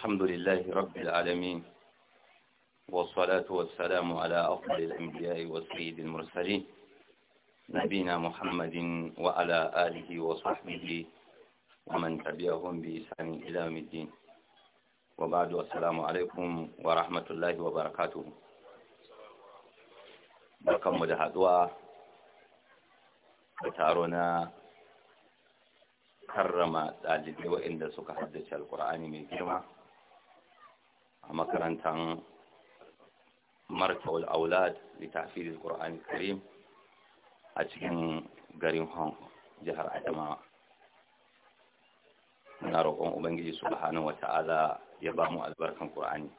الحمد لله رب العالمين والصلاة والسلام على أفضل الأنبياء والسيد المرسلين نبينا محمد وعلى آله وصحبه ومن تبعهم بإسان إلى الدين وبعد السلام عليكم ورحمة الله وبركاته بكم da haduwa da taro na karrama ɗalibai القرآن من haddace a makarantar markawar aulad littafi da ƙura'ani karim a cikin garin hong jihar adamawa Na roƙon ubangiji su bahanu ala ya ba mu albarkan ƙur'ani.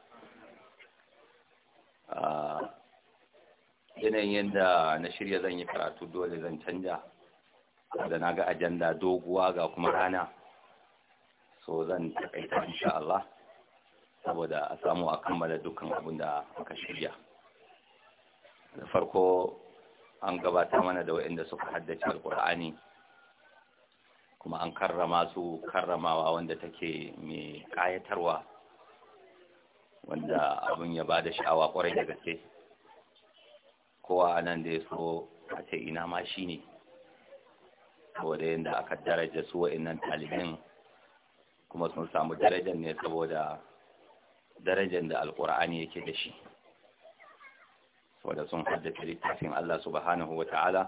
yanayin yadda na shirya zan yi karatu dole zan canja da na ga ajanda doguwa ga kuma rana so zan taƙaita insha Allah saboda a samu a kammala dukkan abin da aka shirya da farko an gabata mana da waɗanda suka haddace alkur'ani kuma an karrama su karramawa wanda take mai kayatarwa wanda abin ya ba da sha'awa kwarai da gaske kowa nan da ya so a ce ina ma shi ne saboda yadda aka daraja su waɗannan talibin kuma sun samu darajar ne saboda darajar da alkur'ani yake da shi wadda sun haddace littafin Allah subhanahu wa ta'ala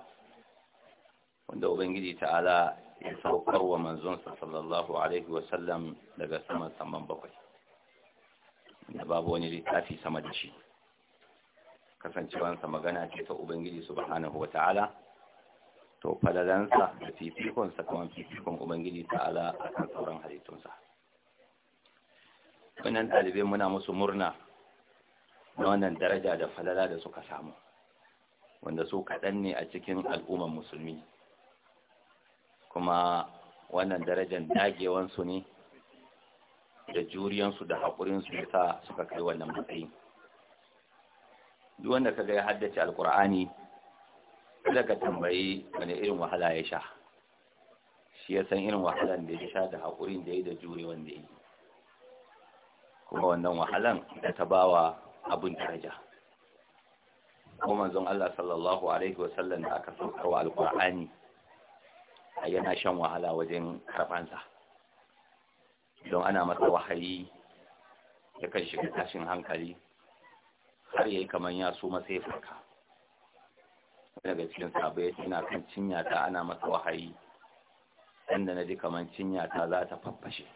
wanda ubangiji ta'ala ya saukar wa manzonsa sallallahu alaihi wasallam daga saman saman bakwai da babu wani littafi sama da shi kasancewansa magana ce ta ubangiji subhanahu wa ta'ala to falalansa da fifikonsa kuma fifikon ubangiji ta'ala a kan sauran halittunsa wannan ɗalibai muna musu murna na wannan daraja da falala da suka samu wanda su kaɗan ne a cikin al'ummar musulmi kuma wannan darajar dagewansu ne da juriyansu da haƙurinsu ya sa suka kai wannan matsayi duk wanda ka ga ya haddace alkur'ani kada ka tambayi wani irin wahala ya sha shi ya san irin wahalan da ya sha da haƙurin da ya yi da jure wanda ya yi kuma wannan wahalan da ta wa abun daraja kuma manzon Allah sallallahu alaihi wasallam da aka sauka wa alqur'ani yana shan wahala wajen karfansa don ana masa wahayi ya kan shiga tashin hankali har yayi kaman ya so masa farka daga cikin sabai ina kan cinya ta ana masa wahayi inda na ji kaman cinya ta za ta faffashe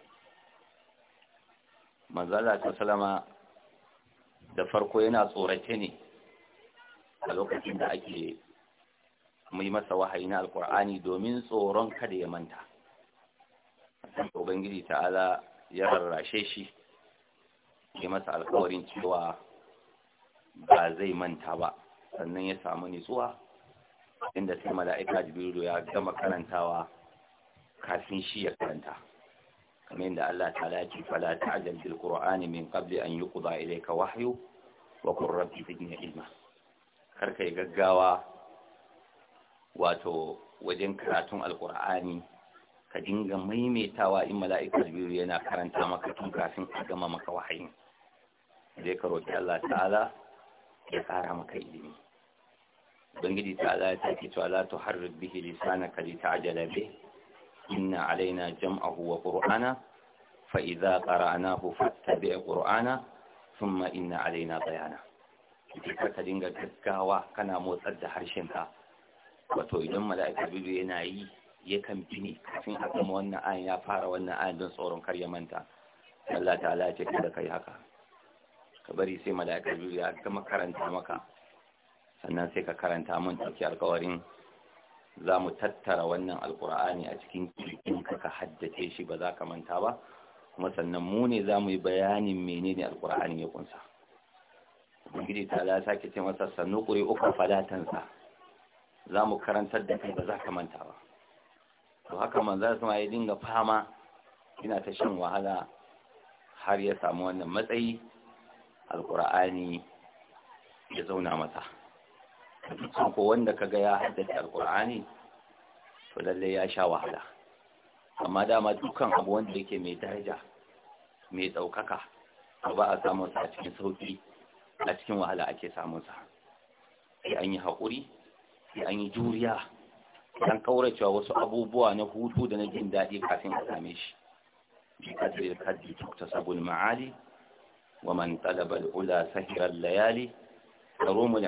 manzala ta salama da farko yana tsorace ne a lokacin da ake mai masa wahayi na alkur'ani domin tsoron kada ya manta ubangiji ta'ala ya rarrashe shi ya masa alkawarin cewa ba zai manta ba sannan ya samu nitsuwa inda sai mala'ika jibrilu ya gama karantawa kafin shi ya karanta kamar yadda Allah ta'ala ce fala ta'jal bil qur'ani min qabli an yuqda ilayka wahyu wa qur rabbi zidni ilma kar kai gaggawa wato wajen karatun alqur'ani ka dinga maimaitawa in mala'ikar biyu yana karanta maka tun kafin a gama maka wahayin zai ka roki Allah ta'ala ya kara maka ilimi ubangiji ta'ala ya ce cewa la tuharrib bihi lisanaka li ta'jala bihi inna alaina jam'ahu wa qur'ana fa idza qara'nahu fattabi' ƙur'ana. thumma inna alaina bayana kar ka dinga gaggawa kana motsar da harshen ka. wato idan mala'ika bidu yana yi yakan bi kafin a zama wannan ayan ya fara wannan ayan don tsoron kar ya manta Allah ta'ala ya ce kada kai haka ka bari sai mala'ika bidu ya gama karanta maka sannan sai ka karanta mun ɗauki alkawarin za mu tattara wannan alkur'ani a cikin kirkin ka haddace shi ba za ka manta ba kuma sannan mu ne za mu yi bayanin menene alkur'ani ya kunsa ubangiji ta la ce masa sannu kuri uku falatansa za mu karantar da kai ba za ka manta ba to haka man za su ma ya dinga fama ina ta shan wahala har ya samu wannan matsayi alkur'ani ya zauna masa ko wanda kaga ya haddace alkur'ani to lalle ya sha wahala amma dama dukan abu wanda yake mai daraja mai daukaka ba a samu sa a cikin sauki a cikin wahala ake samun sa sai an yi hakuri sai an yi juriya an kauracewa wasu abubuwa na hutu da na jin daɗi kafin a same shi bi kadri kadri tuktasabul ma'ali wa man talaba al-ula sahira al-layali تروم mu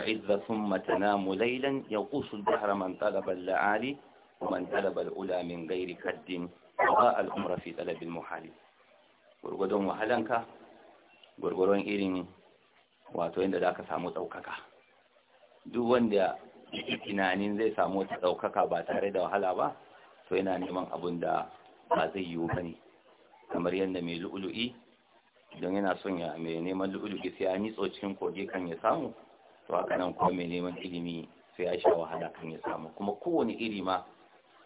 ثم تنام ليلا يقوس الدهر من طلب اللعالي ومن طلب الأولى من غير a وضاء الأمر في طلب المحال gurgudun wahalanka gurgurun irin wato yadda za ka samu ɗaukaka duk wanda tunanin zai samu ta ɗaukaka ba tare da wahala ba to yana neman abun da ba zai yiwu ba ne kamar yadda mai lu'ulu'i don yana so ya mai neman lu'ulu'i sai ya nitso cikin kogi kan ya samu to haka kuma mai neman ilimi sai a sha wahala kan ya samu kuma kowane iri ma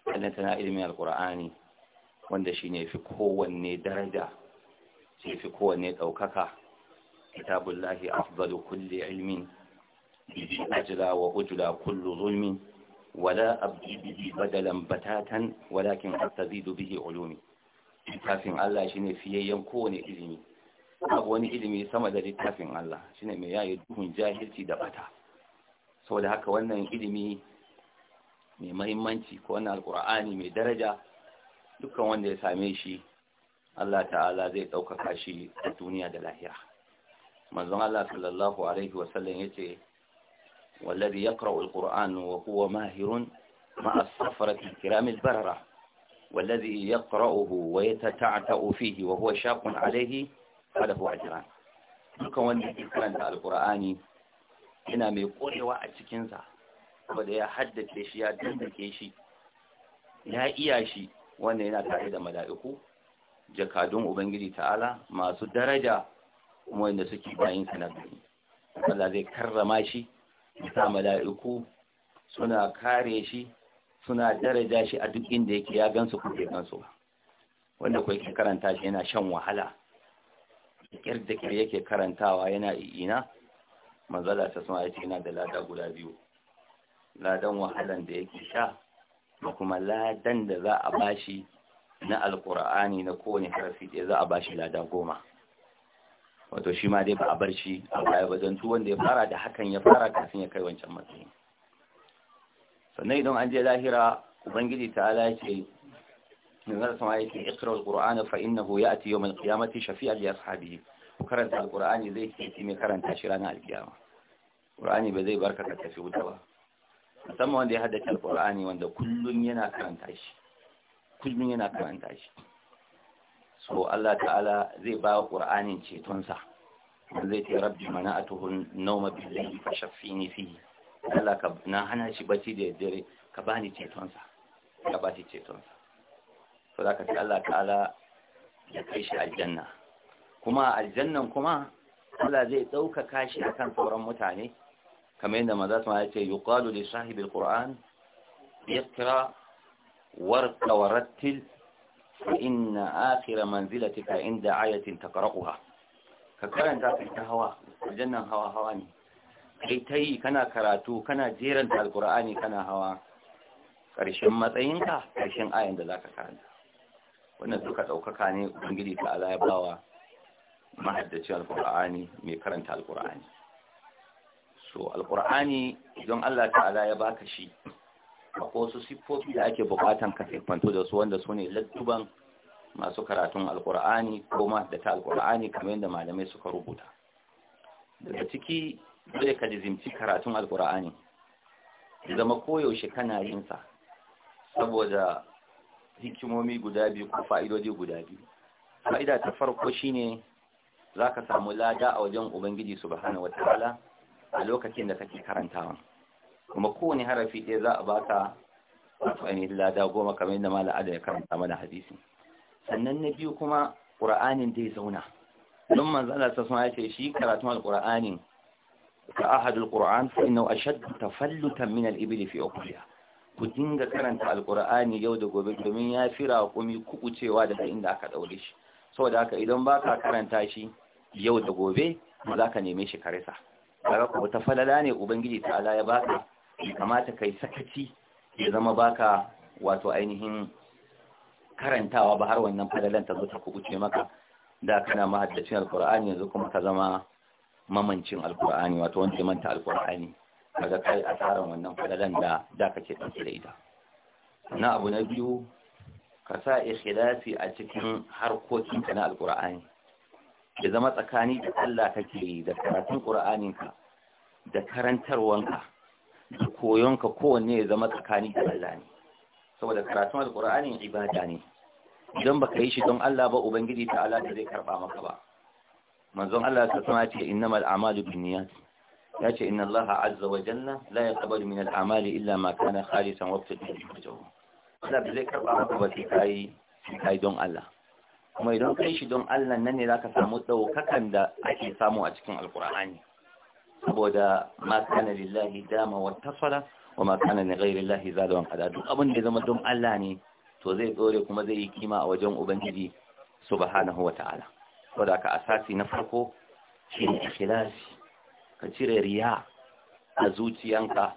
sannan tana ilimin alkur'ani wanda shi ne fi kowanne daraja shi fi kowanne ɗaukaka kitabullahi afdalu Kulle ilmin ajla wa ujla kullu zulmin wala abdi badalan batatan walakin astazidu bihi ulumi Tafin Allah shine fiyayyen kowane ilimi wani ilimi sama da littafin Allah shine mai yayi duhun jahilci da bata saboda haka wannan ilimi mai mahimmanci ko wannan alkur'ani mai daraja dukkan wanda ya same shi Allah ta'ala zai ɗaukaka shi a duniya da lahira manzon Allah sallallahu alaihi wa sallam yace wallazi yaqra'u alqur'ana wa huwa mahirun ma'a as-safarati kiram al-barara والذي يقرأه ويتتعتأ فيه وهو شاق عليه a jira duka wanda ke karanta alkur'ani yana mai korewa a cikinsa. sa ya haddace shi ya dandake shi ya iya shi wanda yana tare da mala'iku jakadun ubangiji ta'ala masu daraja kuma wanda suke bayin sa Allah zai karrama shi sa mala'iku suna kare shi suna daraja shi a duk inda yake ya gansu kuke gansu wanda kuwa yake karanta shi yana shan wahala kyar da yake karantawa yana ina manzala ta sama yake yana da lada guda biyu ladan wahalan da yake sha da kuma ladan da za a bashi na alkur'ani na kowane harfi ɗaya za a bashi lada goma wato shi ma dai ba a bar shi a baya ba zantu wanda ya fara da hakan ya fara kafin ya kai wancan matsayi sannan idan an je lahira ubangiji ta ala ce من ذلك ما يكي اقرأ القرآن فإنه يأتي يوم القيامة شفيعا لأصحابه وكرنت القرآن زي كيمي كرنت شرانا القيامة قرآني بزي بركة تفي ba. musamman wanda ya haddace alƙur'ani wanda kullum yana karanta shi kullum yana karanta shi so Allah ta'ala zai ba ƙur'anin cetonsa wanda zai mana a tuhun nauma billahi fa shaffini fihi na hana shi bacci da dare ka bani cetonsa ka cetonsa so za Allah ta'ala ya kai shi aljanna kuma aljannan kuma Allah zai ɗaukaka shi akan sauran mutane kamar yadda maza su ma ya ce yuqalu li sahibil qur'an iqra warqa warattil fa inna akhira manzilatika inda ayatin taqra'uha ka karanta ta hawa aljannan hawa hawa ne kai ta yi kana karatu kana jeranta alkur'ani kana hawa ƙarshen matsayinka ƙarshen ayan da za ka karanta wannan suka ɗaukaka ne ubangiji ta ala ya bawa mahaddaci alkur'ani mai karanta alkur'ani so alƙur'ani don allah ta'ala ya baka shi a wasu siffofi da ake bukatan ka siffanto da su wanda su ne lattuban masu karatun alkur'ani ko mahaddata alkur'ani kamar yadda malamai suka rubuta daga ciki dole ka jizimci karatun alkur'ani zama koyaushe kana yin sa saboda hikimomi guda biyu ko fa'idodi guda biyu fa'ida ta farko shine zaka samu lada a wajen ubangiji subhanahu wataala a lokacin da kake karantawa kuma kowane harafi ɗaya za a baka wato ainihin lada goma kamar yadda mala adam ya karanta mana hadisi sannan na biyu kuma ƙura'anin dai zauna don manzala ta suna ce shi karatun alƙura'anin ka ahadul ƙura'an fa a ashaddu tafallutan min al-ibli fi ukhliha ku dinga karanta alkur'ani yau da gobe domin ya fi raƙumi kukucewa daga inda aka ɗaure shi saboda haka idan baka karanta shi yau da gobe ba za ka neme shi karisa daga ku ta falala ne ubangiji ta ala ya baka kamata kai sakaci ya zama baka wato ainihin karantawa ba har wannan falalan ta zo ta kukuce maka da kana mahaddacin alkur'ani yanzu kuma ka zama mamancin alkur'ani wato wanda ya manta alkur'ani ka kai asaran wannan fadalan da da kake dauke da ita na abu na biyu ka sa ikhlasi a cikin harkokin ka na alqur'ani ya zama tsakani da Allah kake yi da karatun qur'anin ka da karantarwanka da koyonka kowanne ya zama tsakani da Allah ne saboda karatun alqur'ani ibada ne idan baka yi shi don Allah ba ubangiji Allah da zai karba maka ba manzon Allah ta sama ce innamal a'malu binniyat ya ce inna Allah azza wa jalla la yaqbalu min al-amali illa ma kana khalisan wa ibtida wajhu Allah ba zai karba maka ba kai kai don Allah kuma idan kai shi don Allah nan ne zaka samu daukakan da ake samu a cikin alqur'ani saboda ma kana lillahi dama wa tafala, wa ma kana li ghayri llahi zalwan duk abin da zama don Allah ne to zai dore kuma zai yi kima a wajen ubangiji subhanahu wa ta'ala saboda ka asasi na farko shi ne ikhlasi ka cire riya a zuciyanka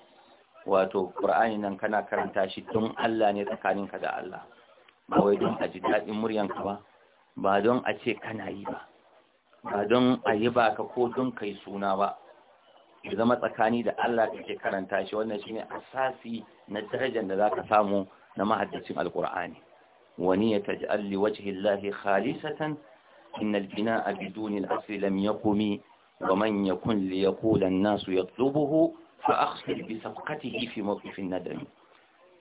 wato ƙur'ani nan kana karanta shi don Allah ne tsakaninka da Allah ba wai don a ji daɗin muryanka ba ba don a ce kana yi ba ba don a yi ba ka ko don kai suna ba ya zama tsakani da Allah kake karanta shi wannan shine asasi na darajar da zaka samu na mahaddacin Alƙur'ani. wani ya taj'al li wajhi llahi khalisatan innal bina'a biduni al-asli lam yaqumi ya ya ومن يكن ليقول الناس يطلبه فأخسر بصفقته في موقف الندم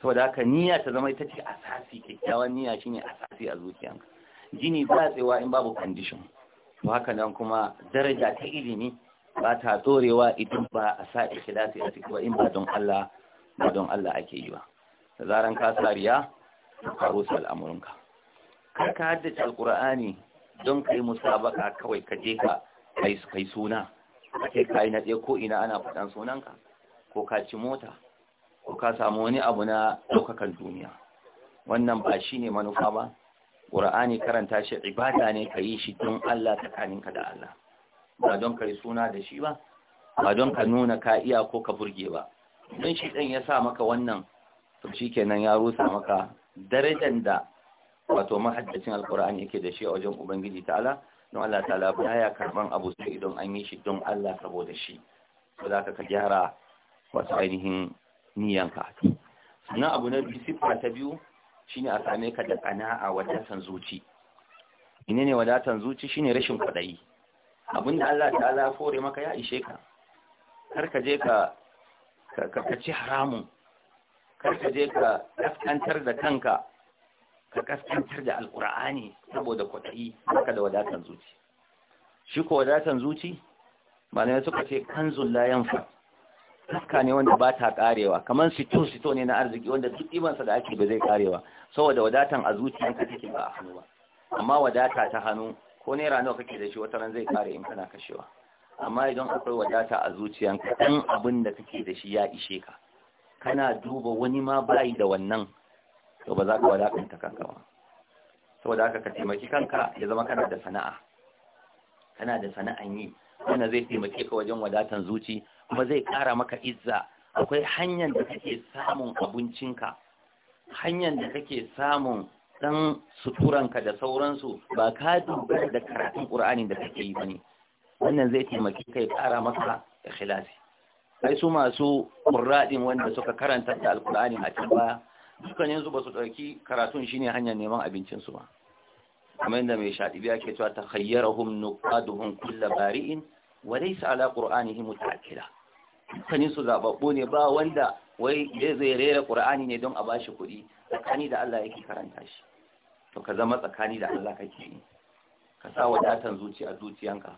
niyya نية تزمي تتي أساسي كتاوى نية شيني أساسي أزوكيانك جيني باسي وإن بابو كنديشن وهكذا كما درجة تئلمي ba ta dorewa idan ba a sa ikhlasi a cikin in ba don Allah ba don Allah ake yi ba da zaran ka sariya ka rusa al'amuranka kar ka haddace alqur'ani don kai musabaka kawai ka je ka kai suna a ce kayi na ɗaya ko ina ana faɗan sunanka ko ka ci mota ko ka samu wani abu na ɗaukakan duniya wannan ba shi ne manufa ba ƙura'ani karanta shi ibada ne ka yi shi don Allah tsakaninka da Allah ba don ka yi suna da shi ba ba don ka nuna ka iya ko ka burge ba don shi ɗan ya sa maka wannan to shi kenan ya rusa maka darajar da wato mahaddacin alƙura'ani yake da shi a wajen ubangiji ta ta'ala don Allah ta'ala ya karban abu sai idan an yi shi don Allah saboda shi ba za ka gyara wasu ainihin niyanka sannan abu na biyu ta biyu shine a same ka da a wadatan zuci ine ne wadatan zuci shine rashin kwaɗayi abinda Allah ta'ala ya fore maka ya ishe ka kar ka je ka ci haramun kar ka je ka kaskantar da kanka ka kaskantar da alkur'ani saboda kwaɗayi haka da wadatan zuci shi ko wadatan zuci malamai suka ce kanzun layan fa Kaska ne wanda ba ta karewa kamar sito sito ne na arziki wanda duk imansa da ake ba zai karewa saboda wadatan a zuci zuciyanka take ba a hannu ba amma wadata ta hannu ko naira nawa kake da shi wata ran zai kare in kana kashewa amma idan akwai wadata a zuciyanka ɗan abin da kake da shi ya ishe ka kana duba wani ma bayi da wannan to ba za ka wadakanta kanka ba saboda haka ka taimaki kanka ya zama kana da sana'a kana da sana'an yi wannan zai taimake ka wajen wadatan zuci kuma zai kara maka izza akwai hanyar da kake samun abincinka hanyar da kake samun dan suturanka da sauransu ba ka dogara da karatun Qur'ani da kake yi bane wannan zai taimake ka ya kara maka ikhlasi Ai su masu qurra'in wanda suka karanta da al a cikin baya dukkan yanzu ba su ɗauki karatun shine hanyar neman abincinsu ba kamar yadda mai shaɗibi ake cewa ta khayyarahum nuqaduhum kulla bari'in wa laysa ala qur'anihi mutaakkila dukkanin su zaɓaɓɓo ne ba wanda wai zai rera qur'ani ne don a bashi kuɗi tsakani da Allah yake karanta shi to ka zama tsakani da Allah kake yi ka sa wadatan zuciya zuciyanka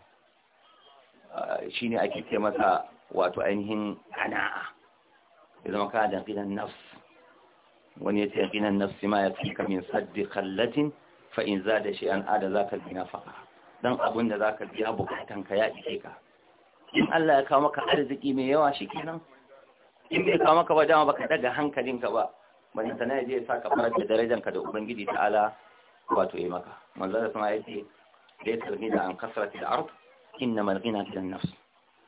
shine ake ce masa wato ainihin ana'a ya zama ka da gidan nafsi wani ya ce nafsi ma ya fi min saddi kallatin fa za da shi an ada za ka gina faɗa don abin da za ka biya bukatanka ya ike ka in Allah ya kawo maka arziki mai yawa shi kenan in bai kawo maka ba dama baka daga hankalinka ba bani sana ya je ya saka farar da darajanka da ubangiji ta'ala wato ya maka manzo da ya ce laysa al-ghina an kasrati al-ard innama na ghina an nafs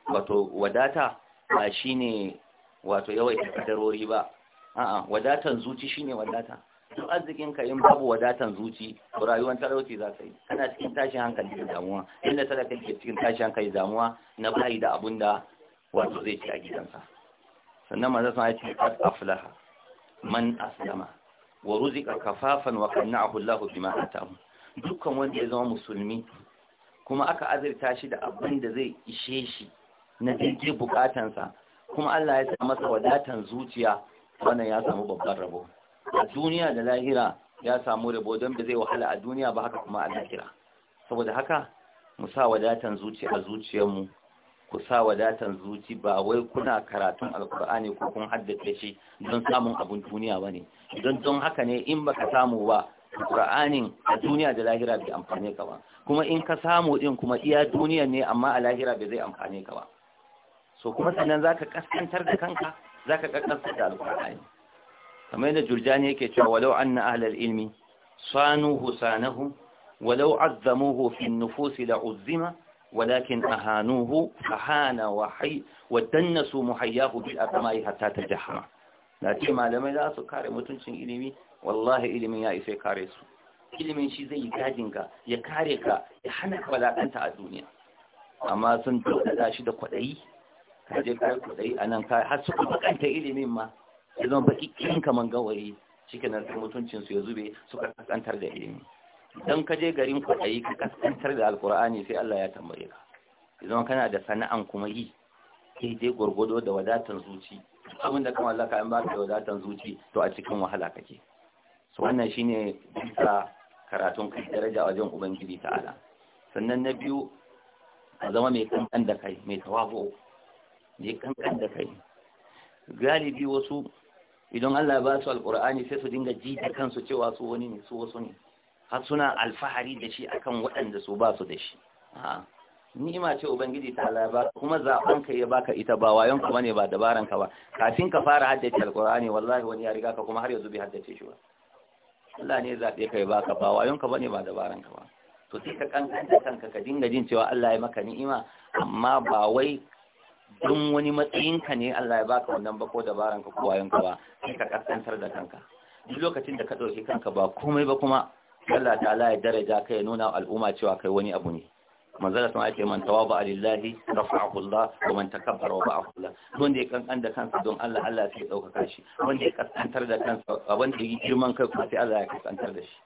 wato wadata ba shine wato yawaita kadarori ba a'a wadatan zuci shine wadata duk arzikin ka in babu wadatan zuci to rayuwar talauci za ka yi kana cikin tashin hankali da damuwa inda talaka ke cikin tashin hankali da damuwa na bai da abun da wato zai ci a gidansa sannan maza sun ce kat aflaha man aslama wa ruzika kafafan wa qanna'ahu Allahu bima atahu dukkan wanda ya zama musulmi kuma aka azurta shi da abin da zai ishe shi na daidai bukatansa kuma Allah ya sa masa wadatan zuciya wannan ya samu babban rabo a duniya da lahira ya samu rabo don da zai wahala a duniya ba haka kuma a lahira saboda haka mu sa wadatan zuci a zuciyarmu ku sa wadatan zuci ba wai kuna karatun alkur'ani ko kun haddace shi don samun abun duniya ba ne don don haka ne in baka samu ba alkur'anin a duniya da lahira bai amfane ka ba kuma in ka samu din kuma iya duniya ne amma a lahira bai zai amfane ka ba so kuma sannan ka kaskantar da kanka za ka da alƙur'ani kamar yadda jurjani yake cewa walau an na ahalar ilmi sanu husanahu walau azzamuhu fi nufusi da uzzima walakin ahanuhu ahana wa hai wa dannasu muhayyahu bil aqmai ta tajahama na ce malamai za su kare mutuncin ilimi wallahi ilimin ya isa kare su ilimin shi zai yi gadin ka ya kare ka ya hana ka a duniya amma sun dauka shi da kwaɗayi ka je ka kudai a ka har suka bakanta ilimin ma ya zama baki kin kaman gawayi cikin nan mutuncin su ya zube suka kasantar da ilimi idan ka je garin kudai ka kasantar da alkur'ani sai Allah ya tambaye ka idan kana da sana'an kuma yi kai dai gurgudo da wadatan zuci abin da kamar laka in ba da wadatan zuci to a cikin wahala kake so wannan shine bisa karatun kai daraja wajen ubangiji ta'ala sannan na biyu a zama mai kankan da kai mai tawabu mai kankan da kai galibi wasu idan Allah ya ba su Alƙur'ani sai su dinga ji da kansu cewa su wani ne su wasu ne har suna alfahari da shi akan waɗanda su ba su da shi ni'ima ce ubangiji ta Allah ba kuma zaɓen ka ya baka ita ba wayon ka bane ba dabaran ka ba kafin ka fara haddace Alƙur'ani, wallahi wani ya riga ka kuma har yanzu bai haddace shi ba Allah ne zaɓe ka ya baka ba wayon ka bane ba dabaran ka ba to sai ka kankan da kanka ka dinga jin cewa Allah ya maka ni'ima amma ba wai don wani matsayinka ne Allah ya baka wannan bako dabaranka ko wayanka ba sai ka kaskantar da kanka duk lokacin da ka dauki kanka ba komai ba kuma Allah ta'ala ya daraja ka ya nuna al'umma cewa kai wani abu ne manzala sun ake man tawaba alillahi rafa'ahu Allah wa man takabbara wa ba'ahu Allah wanda ya kankan da kansa don Allah Allah sai ya dauka shi wanda ya kaskantar da kansa wanda ya girman kai kuma sai Allah ya kaskantar da shi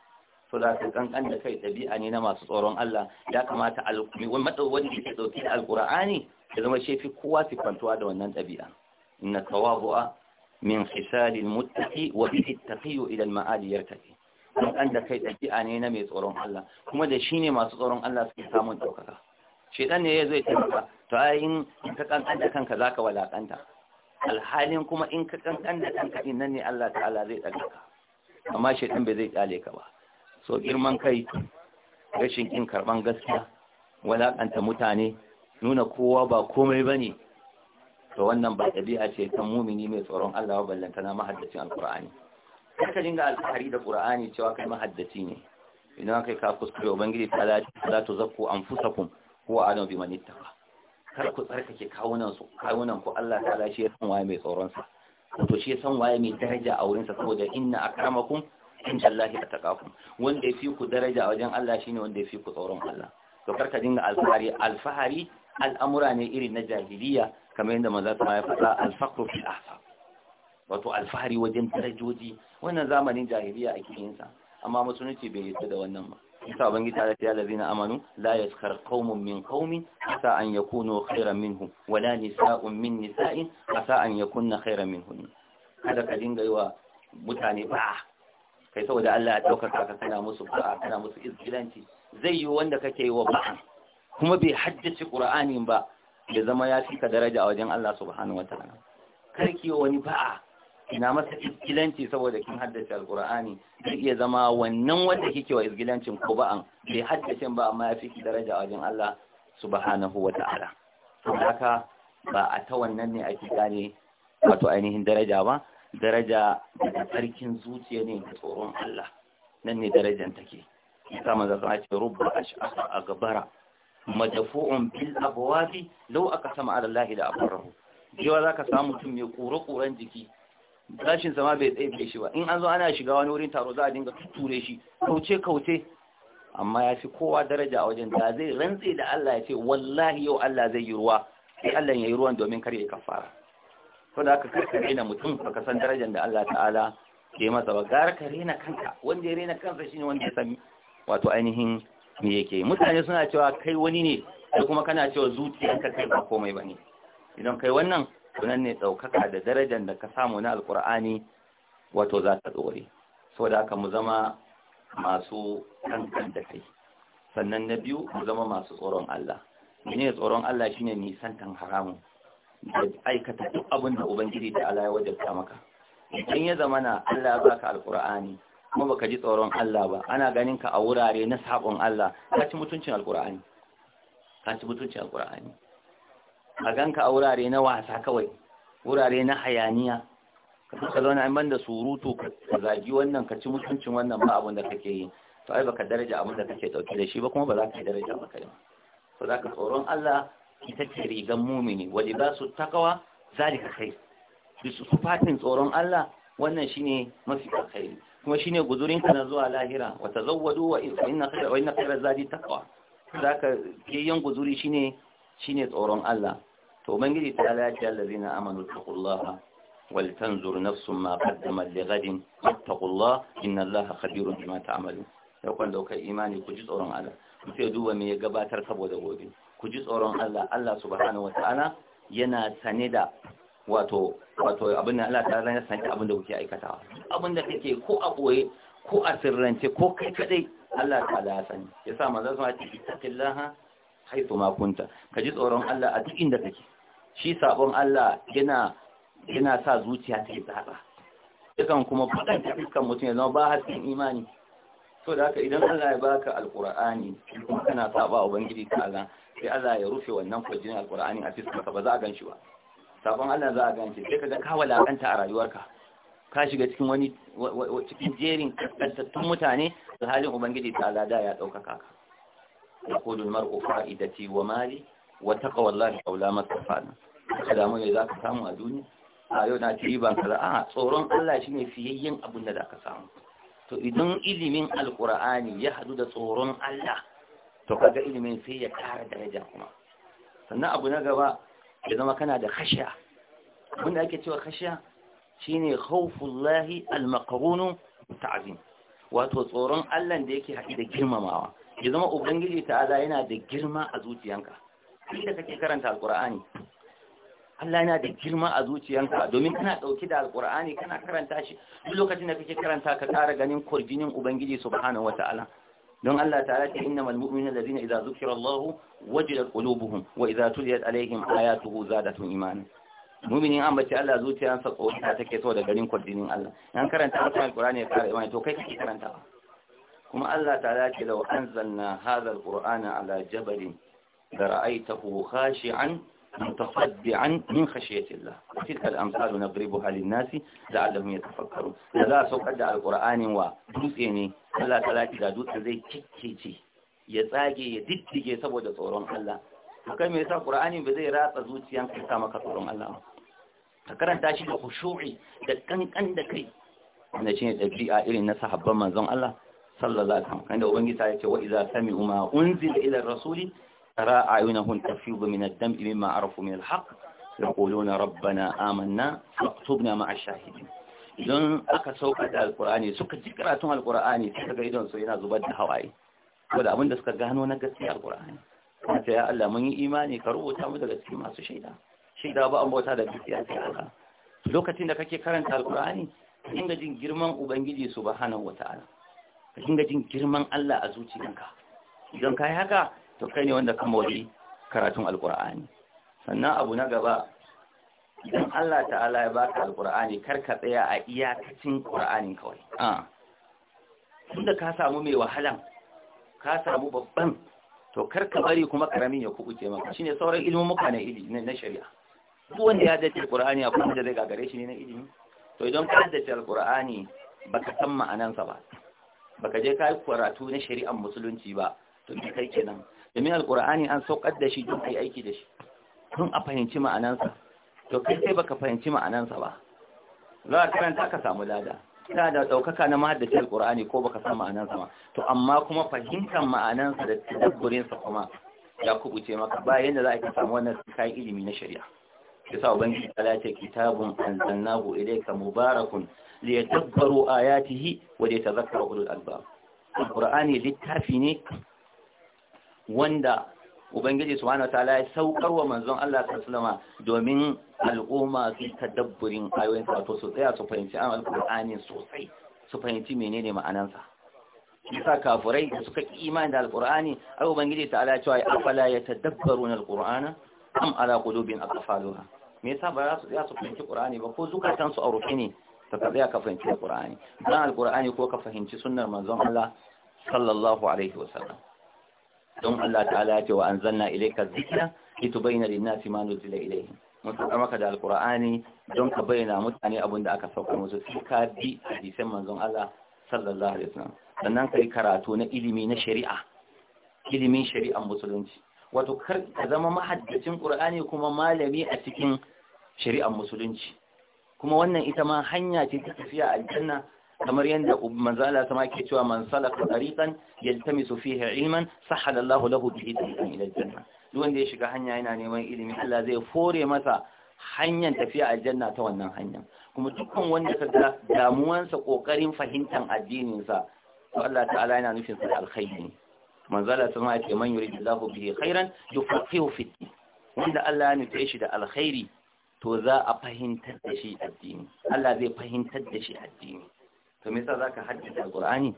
so da kankan da kai ɗabi'a ne na masu tsoron Allah ya kamata wanda ke ɗauki da alƙur'ani ya zama shefi kowa sifantuwa da wannan ɗabi'a inna tawabu'a min khisalil muttaqi wa bihi taqiyu idan al-ma'ali yartaqi kankan da kai ɗabi'a ne na mai tsoron Allah kuma da ne masu tsoron Allah suke samun ɗaukaka shedan ne ya zai tabbata to ai in ka kankan da kanka zaka walakanta alhalin kuma in ka kankan da kanka din nan ne Allah ta'ala zai ɗaga ka amma shaitan bai zai kyale ka ba so girman kai rashin kin karban gaskiya walakanta mutane nuna kowa ba komai bane to wannan ba ɗabi'a ce kan mumini mai tsoron Allah ballanta na mahaddacin alqur'ani ka dinga alfahari da qur'ani cewa kai mahaddaci ne idan kai ka kuskure ubangiji ta lati za to zakku anfusakum huwa adam bi man ittaqa kar ku tsarkake kawunan su kawunan ku Allah ta lashi ya san waye mai tsoron sa to shi ya san waye mai daraja a wurin sa saboda inna akramakum inda Allah ya takakum wanda yafi ku daraja a wajen Allah shine wanda fi ku tsoron Allah to karka dinga alfahari alfahari al'amura ne irin na jahiliya kamar yadda maza ta ya faɗa alfaqru fi ahsab wato alfahari wajen darajoji wannan zamanin jahiliya ake yin sa amma musulunci bai yarda da wannan ba isa ubangiji ta ya lazina amanu la yaskar qaumun min qaumin asa an yakunu khairan minhum wala nisa'un min nisa'in asa an yakunna khairan minhum kada ka dinga yi wa mutane ba kai saboda Allah ya ɗaukaka ka kana musu ba'a kana musu izgilanci zai yi wanda kake yi wa ba'a kuma bai haddace ƙura'anin ba da zama ya fi ka daraja a wajen Allah subhanahu wataala kar ki wani ba'a ina masa izgilanci saboda kin haddace alqur'ani zai iya zama wannan wanda kike wa izgilancin ko ba'an bai haddace ba amma ya fi ki daraja a wajen Allah subhanahu wataala haka ba a ta wannan ne ake gane wato ainihin daraja ba daraja daga tsarkin zuciya ne da tsoron Allah nan ne darajan take isa maza sama ce a a gabara madafu'un bil abuwafi lau aka sama ala Allah da Jawa jiwa ka samu mutum mai kure-kuren jiki gashin sama bai tsaye shi ba in an zo ana shiga wani wurin taro za a dinga tutture shi kauce kauce amma ya fi kowa daraja a wajen da zai rantse da Allah ya ce wallahi yau Allah zai yi ruwa sai Allah ya yi ruwan domin kar ya kafara so da aka karka rena mutum baka ka san darajar da Allah ta'ala ke masa ba gara ka rena kanka wanda ya rena kansa shine wanda ya san wato ainihin me yake mutane suna cewa kai wani ne da kuma kana cewa zuciyarka kai ba komai bane idan kai wannan sunan ne daukaka da darajar da ka samu na alqur'ani wato za ta dore saboda haka mu zama masu kankan da kai sannan na biyu mu zama masu tsoron Allah ne tsoron Allah shine nisantan haramun da aikata duk abin da ubangiji da Allah ya wajabta maka idan ya zama na Allah ya baka alqur'ani kuma baka ji tsoron Allah ba ana ganin ka a wurare na sabon Allah ka ci mutuncin alqur'ani ka ci mutuncin alqur'ani a ganka a wurare na wasa kawai wurare na hayaniya ka duka zauna in banda surutu ka zagi wannan ka ci mutuncin wannan ba abin da kake yi to ai baka daraja abin da kake dauke da shi ba kuma ba za ka daraja ba kai ba to zaka tsoron Allah ita ce rigan mumini wa libasu taqwa zalika kai su fatin tsoron Allah wannan shine mafi alkhairi kuma shine guzurin ka na zuwa lahira wa tazawwadu wa inna khayra wa inna khayra zadi taqwa zaka kiyan guzuri shine shine tsoron Allah to ubangiji ta alaji allazina amanu taqullaha wal tanzur nafsun ma qaddamat lighadin taqullaha inna allaha khabirun bima ta'malun Yau kan dauka imani ku ji tsoron Allah sai duba me ya gabatar saboda gobe ku ji tsoron Allah Allah subhanahu wataala yana sane da wato wato abin da Allah ta zanya sane abin da kuke aikatawa abin da kake ko a boye ko a sirrance ko kai kadai Allah ta ya sani yasa manzo sa ce ittaqillaha haythu ma kunta ka ji tsoron Allah a duk inda kake shi sabon Allah yana yana sa zuciya ta yi tsaba yakan kuma faɗan fuskan mutum ya zama ba hasken imani To da haka idan Allah ya baka alkur'ani kuma kana saba ubangiji kaza. sai Allah ya rufe wannan kwajin alkur'ani a fiskarka ba za a ganshi ba sabon Allah za a ganshi sai ka ga ka walakanta a rayuwarka ka shiga cikin wani cikin jerin kaskantattun mutane da halin ubangiji ta alada ya ɗaukaka ka يقول wa mali. ومالي وتقوى الله أولى ما تفعل kalamu ne za ka samu a duniya a yau na ci ban kaza a tsoron Allah shine fiyayyen abin da za ka samu to idan ilimin Alqur'ani ya hadu da tsoron Allah to kaga ilimin sai ya kara daraja kuma sannan abu na gaba ya zama kana da khashya abinda ake cewa khashya shine khawfullahi al-maqrun ta'zim wato tsoron Allah da yake haɗi da girmamawa ya zama ubangiji ta'ala yana da girma a zuciyanka inda kake karanta alqur'ani Allah yana da girma a zuciyanka domin kana dauki da alqur'ani kana karanta shi duk lokacin da kake karanta ka ƙara ganin kurjinin ubangiji subhanahu wataala don Allah ta'ala ce innamal mu'minuna allazina idza zukira Allah wajilat qulubuhum wa idza tuliyat alaihim ayatuhu zadatuhum imanan muminin an bace Allah zuciyarsa tsotsa take so da garin kwadinin Allah an karanta alqur'ani ya fara imani to kai kake karanta kuma Allah ta'ala ce law anzalna hadha alqur'ana ala jabalin da ra'aytahu khashi'an an متصدعا من خشية الله تلك الأمثال نضربها للناس لعلهم يتفكرون لا سقد على القرآن ودوسيني Allah talaki da dutsen zai cikice ya tsage ya diddige saboda tsoron Allah kai me yasa Qur'ani ba zai ratsa zuciyan ka sa maka tsoron Allah ka karanta shi da khushu'i da kankan da kai wannan shine dabi'a irin na sahabban manzon Allah sallallahu alaihi wasallam da ubangiji ya ce wa'iza idza sami'u ma unzila ilan rasuli ترى أعينهم تفيض من الدم مما عرفوا من الحق يقولون ربنا آمنا فاكتبنا مع الشاهدين idan aka sauka da alkur'ani suka ji karatun alkur'ani suka ga idon su yana zubar da hawaye wanda abin da suka gano na gaskiya alkur'ani kuma ta Allah mun yi imani ka rubuta mu daga cikin masu shaida shaida ba an bauta da gaskiya sai Allah lokacin da kake karanta alkur'ani dinga jin girman ubangiji subhanahu wataala ka dinga jin girman Allah a zuciyarka idan kai haka to kai ne wanda ka mori karatun alkur'ani sannan abu na gaba idan Allah ta'ala ya baka alkur'ani kar ka tsaya a iyakacin qur'anin kawai a tunda ka samu mai wahalan ka samu babban to kar ka bari kuma karamin ya kubuce maka shine sauran ilmumuka na ilimi na shari'a duk wanda ya dace alkur'ani akwai da zai gagare shi ne na ilimi to idan ka dace alkur'ani baka san ma'anansa ba baka je kai karatu na shari'ar musulunci ba to kai kenan domin alkur'ani an saukar da shi don a aiki da shi don a fahimci ma'anansa to kai sai baka fahimci ma'anansa ba za a karanta ka samu lada ta da ɗaukaka na mahaddaci alkur'ani ko baka san ma'anansa ma to amma kuma fahimtar ma'anansa da tadabburinsa kuma ya kubuce maka bayan da za a samu wannan kayan ilimi na shari'a sa ubangiji ta ce kitabun anzalnahu ilayka mubarakun liyadabbaru ayatihi wa liyatadhakkaru ulul albab alqur'ani littafi ne wanda ubangiji subhanahu wataala ya saukar wa manzon Allah sallama domin al'umma su tadabburin ayoyin wato su tsaya su fahimci an alqur'ani sosai su fahimci menene ma'anansa yasa kafurai da suka ki imani da alqur'ani ai ubangiji ta'ala ya ce afala yatadabbaruna alqur'ana am ala qulubin aqfaluha me yasa ba za su tsaya su fahimci qur'ani ba ko zukatan su a rufe ne ta tsaya ka fahimci alqur'ani dan alqur'ani ko ka fahimci sunnar manzon Allah sallallahu alaihi wasallam don Allah ta'ala ya ce wa anzalna ilaika dhikra litubayyana lin-nasi ma nuzila ilayhim mun saka maka da alqur'ani don ka bayyana mutane abin da aka sauka musu sai ka bi hadisan manzon Allah sallallahu alaihi wasallam sannan kai karatu na ilimi na shari'a ilimin shari'ar musulunci wato kar ka zama mahaddacin qur'ani kuma malami a cikin shari'ar musulunci kuma wannan ita ma hanya ce ta tafiya aljanna kamar yadda manzala sama ke cewa man salaka tariqan yaltamisu fihi ilman sahala Allah lahu bihi tariqan ila aljanna duk wanda ya shiga hanya yana neman ilimi Allah zai fore masa hanyar tafiya aljanna ta wannan hanyar kuma dukkan wanda ka ga damuwansa kokarin fahimtar addininsa to Allah ta'ala yana nufin sa alkhairi manzala sama ce man yuridillahu bihi khairan yufaqihu fi wanda Allah ya nufi shi da alkhairi to za a fahimtar da shi addini Allah zai fahimtar da shi addini to me yasa zaka haddace alqur'ani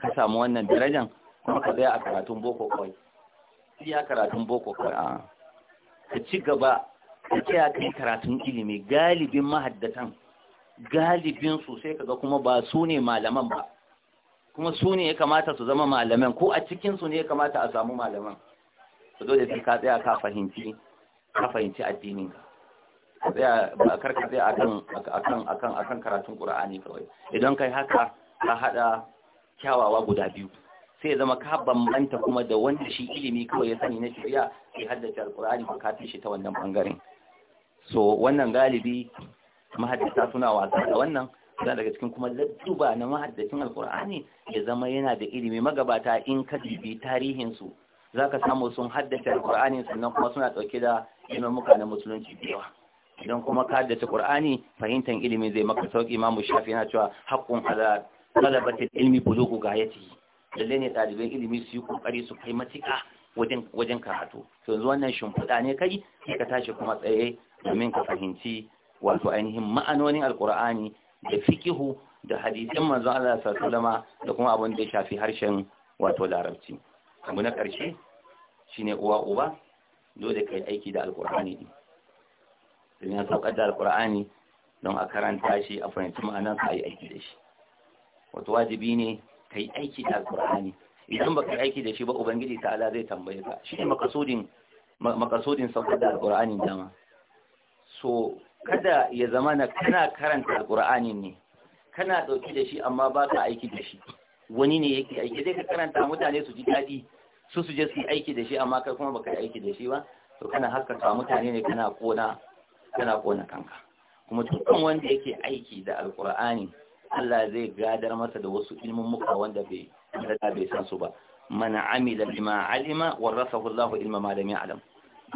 ka samu wannan darajar kuma ka tsaya a karatun boko kawai sai ya karatun boko kawai a ka ci gaba ka kai karatun ilimi galibin mahaddatan galibin su sai kaga kuma ba su ne malaman ba kuma su ne ya kamata su zama malaman ko a cikin su ne ya kamata a samu malaman ka zo da sai ka tsaya ka ka fahimci addininka ba kar ka tsaya akan karatun Qur'ani kawai idan kai haka ka hada kyawawa guda biyu sai zama ka bambanta kuma da wanda shi ilimi kawai ya sani na shirya ke haddace Alƙur'ani ba ka shi ta wannan bangaren so wannan galibi mahaddata suna wasa da wannan suna daga cikin kuma ladduba na mahaddacin alkur'ani ya zama yana da ilimi magabata in ka jibi tarihinsu za ka samu sun haddace Alƙur'ani sannan kuma suna ɗauke da ilmin muka na musulunci da yawa idan kuma ka ta Qur'ani fahimtar ilimi zai maka sauki Imam Shafi yana cewa haqqun ala talabati ilmi bulugu gayati lalle ne ɗaliban ilimi su yi kokari su kai matika wajen wajen karatu to yanzu wannan shimfiɗa ne kai ka tashi kuma tsaye domin ka fahimci wato ainihin ma'anonin alqur'ani da fikihu da hadisin manzon Allah sallallahu da kuma abin da ya shafi harshen wato larabci abu na karshe shine uwa uba dole kai aiki da alqur'ani din don ya sauka da alkur'ani don a karanta shi a fahimci ma'anar ka yi aiki da shi wato wajibi ne ka yi aiki da alkur'ani idan baka yi aiki da shi ba ubangiji Ala zai tambaye ka shi ne makasudin makasudin da alkur'ani dama so kada ya zama na kana karanta alkur'ani ne kana dauki da shi amma ba ka aiki da shi wani ne yake aiki zai ka karanta mutane su ji daɗi su su je su yi aiki da shi amma kai kuma baka yi aiki da shi ba to kana haskaka mutane ne kana kona kana kona kanka kuma dukkan wanda yake aiki da alkur'ani Allah zai gadar masa da wasu ilmin muka wanda bai bai san su ba man amila bima alima warasahu Allah ilma ma lam ya'lam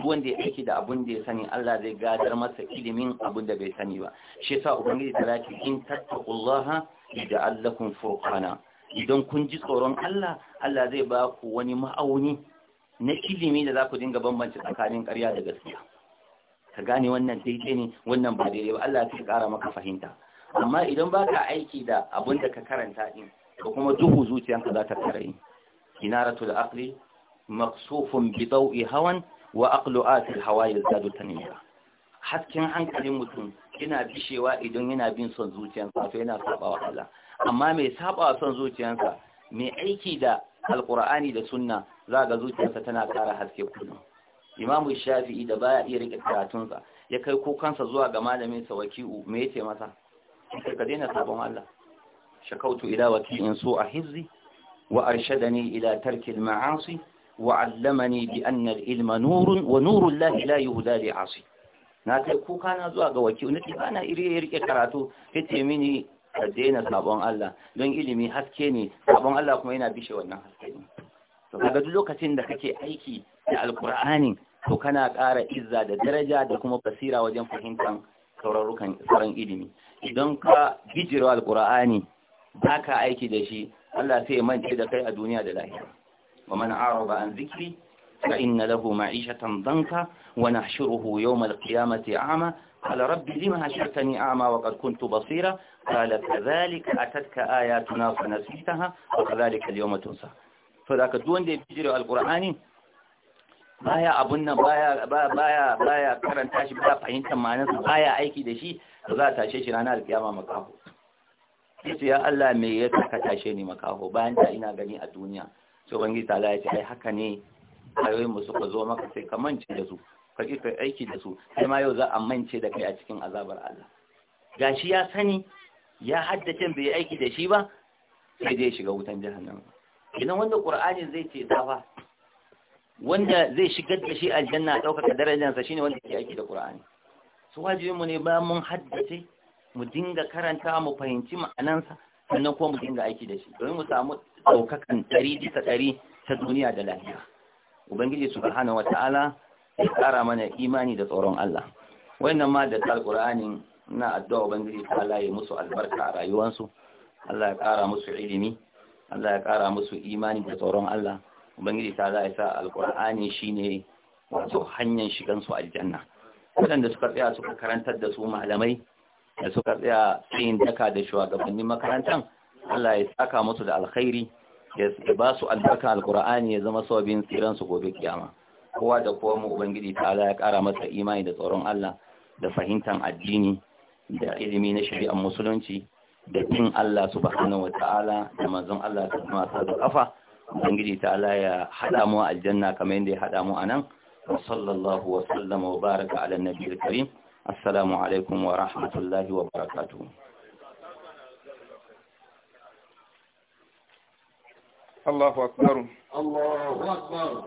wanda ya aiki da abun da ya sani Allah zai gadar masa ilimin abun da bai sani ba shi yasa ubangiji ta lati in tattaqullaha yaj'al lakum furqana idan kun ji tsoron Allah Allah zai ba ku wani ma'auni na ilimi da za ku dinga bambance tsakanin ƙarya da gaskiya ka gane wannan daidai ne wannan ba daidai ba Allah ya kara maka fahimta amma idan baka aiki da abun da ka karanta din ko kuma duhu zuciyanka za ta karai kinaratul aqli maqsufun bi dawi hawan wa aqlu atil hawa zadu tanira hakkin hankalin mutum yana bishewa idan yana bin son zuciyansa to yana sabawa Allah amma mai sabawa son zuciyansa mai aiki da alqur'ani da sunna za ga zuciyarsa tana kara haske kullum imamu shafi'i da baya iya rike karatunsa ya kai kukansa zuwa ga malamin sa waki'u me yace masa ka daina sabon Allah shakautu ila waki'in su a hizzi wa arshadani ila tarkil ma'asi wa 'allamani bi anna al-ilma nurun wa nuru lahi la yuhda li 'asi na kai kuka na zuwa ga waki'u nace bana ya rike karatu yace mini ka daina sabon Allah don ilimi haske ne sabon Allah kuma yana bishe wannan haske ne to kaga duk lokacin da kake aiki da alkur'ani to kana ƙara izza da daraja da kuma basira wajen fahimtar saurarukan sauran ilimi idan ka bijirwa alqur'ani baka aiki da shi Allah sai ya mance da kai a duniya da lahira wa man araba an zikri fa inna lahu ma'ishatan danka wa nahshuruhu yawm alqiyamati a'ma qala rabbi lima hashartani a'ma wa qad kuntu basira qala kadhalika atatka ayatuna fa nasitaha wa kadhalika al-yawma tunsa da ka duk wanda ya bijirwa alqur'ani baya abun nan baya baya karanta shi baya fahimtar ma'anarsa baya aiki da shi za a tashe shi ranar alkiyama makaho sai ya Allah me ya ka tashe ni makaho bayan da ina gani a duniya to bangi ta ya ce ai haka ne ayoyin mu suka zo maka sai ka mance da su ka ki kai aiki da su sai ma yau za a mance da kai a cikin azabar Allah gashi ya sani ya haddace bai aiki da shi ba sai dai shiga wutan jahannama idan wanda qur'ani zai ce da ba wanda zai shigar da shi aljanna a ɗaukaka darajarsa shine wanda ke aiki da ƙur'ani su mu ne ba mun haddace mu dinga karanta mu fahimci ma'anansa sannan kuma mu dinga aiki da shi domin mu samu ɗaukakan ɗari bisa ɗari ta duniya da lafiya ubangiji subhanahu wata'ala ya ƙara mana imani da tsoron Allah Wannan ma da alƙur'ani na addu'a ubangiji ta Allah ya musu albarka a rayuwarsu Allah ya ƙara musu ilimi Allah ya ƙara musu imani da tsoron Allah ubangiji ta za a sa alkur'ani shine wato hanyar shigan su aljanna waɗanda suka tsaya suka karantar da su malamai da suka tsaya tsayin daka da shugabannin makarantar Allah ya saka musu da alkhairi ya ba su albarka alkur'ani ya zama sababin tsiran su gobe kiyama kowa da kowa mu ubangiji ta Allah ya kara masa imani da tsoron Allah da fahimtar addini da ilimi na shari'ar musulunci da bin Allah subhanahu wataala da manzon Allah ta kuma sa da kafa ubangiji ta'ala ya hada mu aljanna kamar yadda ya hada mu anan sallallahu wa sallama wa baraka ala nabiyil karim assalamu alaikum wa rahmatullahi wa barakatuh الله أكبر الله أكبر